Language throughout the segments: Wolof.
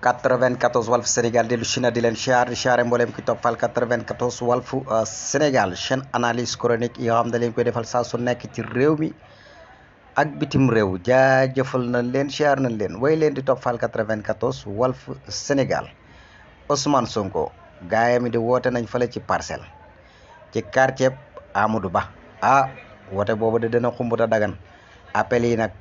94 Walf Sénégal dellu si na di leen siyaar di siyaare mbooleem ki toppal 94 Walf euh, Sénégal chaîne analyse chronique yoo xam ne leen koy defal saa su nekk ci réew mi ak bitim réew jaajëfal na leen siyaar nañ leen way leen di toppal 94 Walf Sénégal Ousmane Sonko gaaya mi di woote nañ fale ci parcelle ci quartier Amadou Ba ah woote boobu de dana xumbuta dagan appel yi nag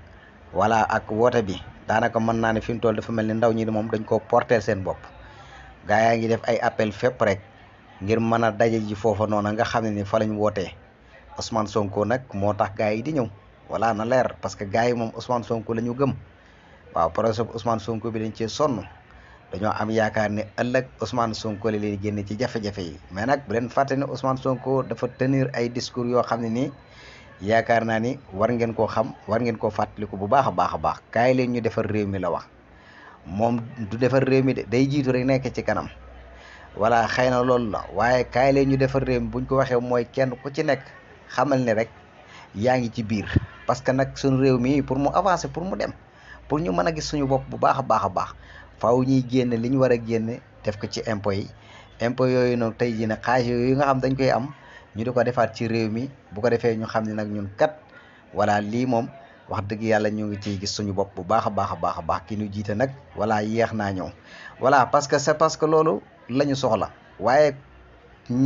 voilà ak woote bi daanaka mën naa ne fi mu toll dafa mel ni ndaw ñi di moom dañ koo porteel seen bopp gaa yaa ngi def ay appel fépp rek ngir mën a daje ji foofa noona nga xam ne ni fa lañ wootee Ousmane Sonko nag moo tax gaa yi di ñëw voilà na leer parce que gaa yi moom Ousmane Sonko la ñu gëm waaw projet bu Ousmane Sonko bi dañ cee sonn dañoo am yaakaar ne ëllëg Ousmane Sonko la leen génne ci jafe-jafe yi mais nag bu leen fàtte ne Ousmane Sonko dafa tenir ay discours yoo xam ne nii yaakaar naa ni war ngeen koo xam war ngeen koo fàttaliku bu baax a baax a baax kaay leen ñu defar réew mi la wax moom du defar réew mi de day jiitu rek nekk ci kanam wala xëy na loolu la waaye kaay leen ñu defar réew mi buñ ko waxee mooy kenn ku ci nekk xamal ne rek yaa ngi ci biir parce que nag suñu réew mi pour mu avancer pour mu dem pour ñu mën a gis suñu bopp bu baax a baax a baax faaw ñuy génn li ñu war a génn def ko ci impôt yi impôt yooyu noonu tey jii nag xaalis yooyu nga xam dañ koy am. ñu di ko defaat ci réew mi bu ko defee ñu xam ne nag ñun kat voilà lii moom wax dëgg yàlla ñu ngi ciy gis suñu bopp bu baax a baax a baax a baax ki ñu jiite nag voilà yéex naa ñëw voilà parce que c'est parce que loolu la ñu soxla waaye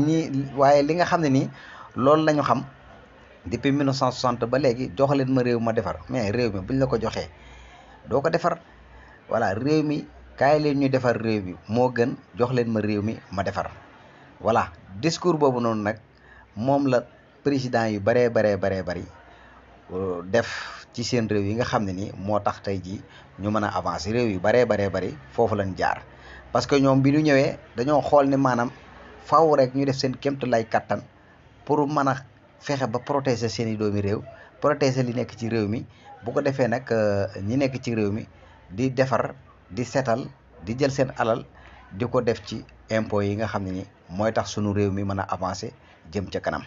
ñi waaye li nga xam ne nii loolu la ñu xam depuis 1960 ba léegi jox leen ma réew ma defar mais réew mi bu ñu la ko joxee doo ko defar voilà réew mi kaay leen ñu defar réew mi moo gën jox leen ma réew mi ma defar voilà boobu noonu nag. moom la président yu baree baree baree bari euh, def ci seen réew yi nga xam ne ni moo tax tey jii ñu mën a avancer réew yu baree baree bari foofu lañ jaar parce que ñoom bi ñu ñëwee dañoo xool ni maanaam faaw rek ñu def seen kémtu lay kattan pour mën a fexe ba protéger seen i doomi réew protéger li nekk ci réew mi bu ko defee nag euh, ñi nekk ci réew mi di defar di setal di jël seen alal di ko def ci impôt yi nga xam ne ni mooy tax sunu réew mi mën a avancer jëm ca kanam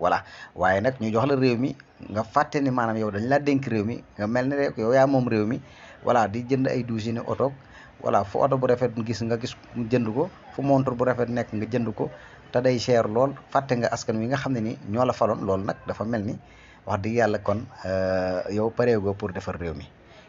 voilà waaye nag ñu jox la réew mi nga fàtte ni maanaam yow dañ la dénk réew mi nga mel ne rek yow yaa moom réew mi voilà di jënd ay douzaine oto wala fo oto bu rafet gis nga gis jënd ko fu montre bu rafet nekk nga jënd ko te day cher lool fàtte nga askan wi nga xam ne ni ñoo la faloon loolu nag dafa mel ni wax dëgg yàlla kon euh, yow pareegoo pour defar réew mi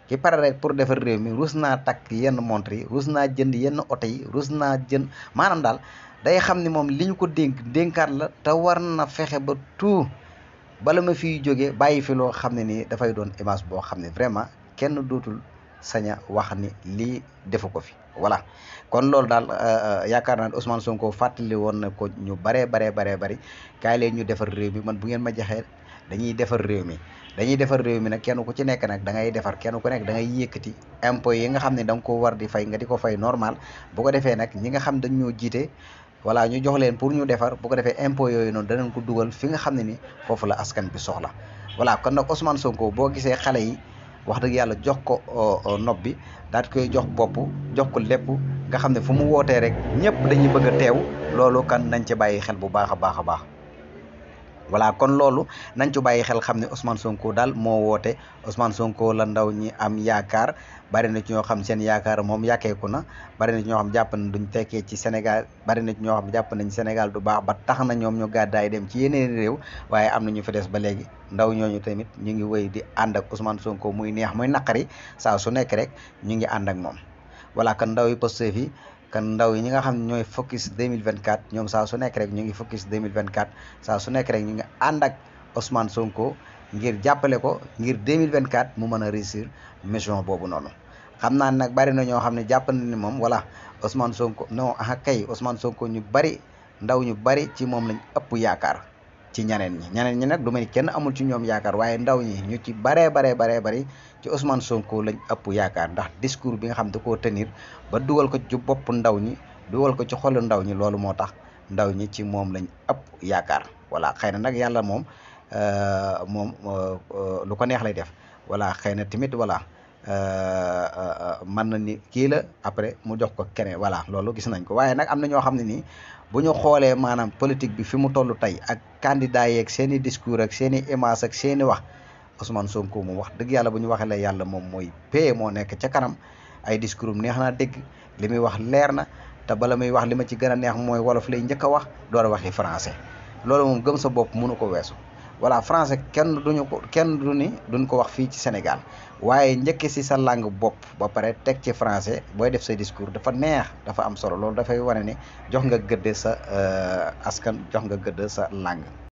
ki pare rek pour defar réew mi rus naa takk yenn montre yi rus naa jënd yenn oto yi rus naa jënd maanaam daal day xam ni moom li ñu ko dénk dénkaat la te war na fexe ba tout bala ma fiy jógee bàyyi fi loo xam ne nii dafay doon image boo xam ne vraiment kenn dootul saña wax ni lii defu ko fi voilà kon loolu daal euh, euh, yaakaar naa ne Ousmane Sonko fàttali woon na ko ñu baree baree baree bari kaay leen ñu defar réew mi man bu ngeen ma jaxee dañuy defar réew mi dañuy defar réew mi nag kenn ku ci nekk nag dangay ngay defar kenn ku nekk dangay ngay yëkkati impôt yi nga xam ne da ko war di fay nga di fay normal bu ko nag ñi nga xam dañ ñoo jiite voilà ñu jox leen pour ñu defar bu ko defee impôt yooyu noonu danañ ko dugal fi nga xam ne ni foofu la askan bi soxla voilà kon nag Ousmane Sonko boo gisee xale yi wax dëgg yàlla jox ko euh, euh, nopp bi daal di koy jox bopp jox ko lépp nga xam ne fo mu wootee rek ñëpp dañuy bëgg a teew loolu kan nañ ci bàyyi xel bu baax a baax a baax voilà kon loolu nañ ci bàyyi xel xam ne Ousmane Sonko daal moo woote Ousmane Sonko la ndaw ñi am yaakaar bari na ci ñoo xam seen yaakaar moom yàkkeeku na bari na ci ñoo xam jàpp na duñ fekkee ci Sénégal bari na ñoo xam jàpp nañ Sénégal du baax ba tax na ñoom ñu gàddaay dem ci yeneen réew waaye am na ñu fi des ba léegi ndaw ñooñu tamit ñu ngi wéy di ànd ak Ousmane Sonko muy neex muy naqari saa su nekk rek ñu ngi ànd ak moom voilà kon ndaw yi Pastef kan ndaw yi ñi nga xam ne ñooy vingt 2024 ñoom saa su nekk rek ñu ngi focus 2024 saa su nekk rek ñu nga ànd ak Ousmane Sonko ngir jàppale ko ngir vingt 2024 mu mën a réussir mission boobu noonu xam naa nag bari na ñoo xam ne jàpp na ni moom voilà Ousmane Sonko non ah kay Ousmane Sonko ñu bari ndaw ñu bari ci moom lañ ëpp yaakaar. ci ñaneen ñi ñaneen ñi nag du ma kenn amul ci ñoom yaakaar waaye ndaw ñi ñu ci baree baree baree bari ci Ousmane Sonko lañ ëpp yaakaar ndax discours bi nga xam da koo tenir ba dugal ko ci bopp ndaw ñi dugal ko ci xolu ndaw ñi loolu moo tax ndaw ñi ci moom lañ ëpp yaakaar voilà xëy na nag yàlla moom euh, moom euh, euh, lu ko neex lay def wala xëy na tamit voilà Euh, euh, euh, man na ni kii la après mu jox ko keneen voilà loolu gis nañ ko waaye nag am na ñoo xam ne nii bu ñu xoolee maanaam politique bi fi mu toll tey ak candidat yeeg seen i discours ak seen i image ak seen i wax Ousmane wax dëgg yàlla bu ñu waxee la yàlla moom mooy pee moo nekk ca kanam ay discours neex na dégg li muy wax leer na te bala muy wax li ma ci gën a neex mooy wolof lay njëkk a wax door a waxi français loolu moom gëm sa bopp mënu ko weesu wala français kenn duñu ko kenn ni duñ ko wax fii ci Sénégal waaye njëkk si sa langue bopp ba pare teg ci français booy def sa discours dafa neex dafa am solo loolu dafay wane ne jox nga gëdd sa euh, askan jox nga gëdd sa langue.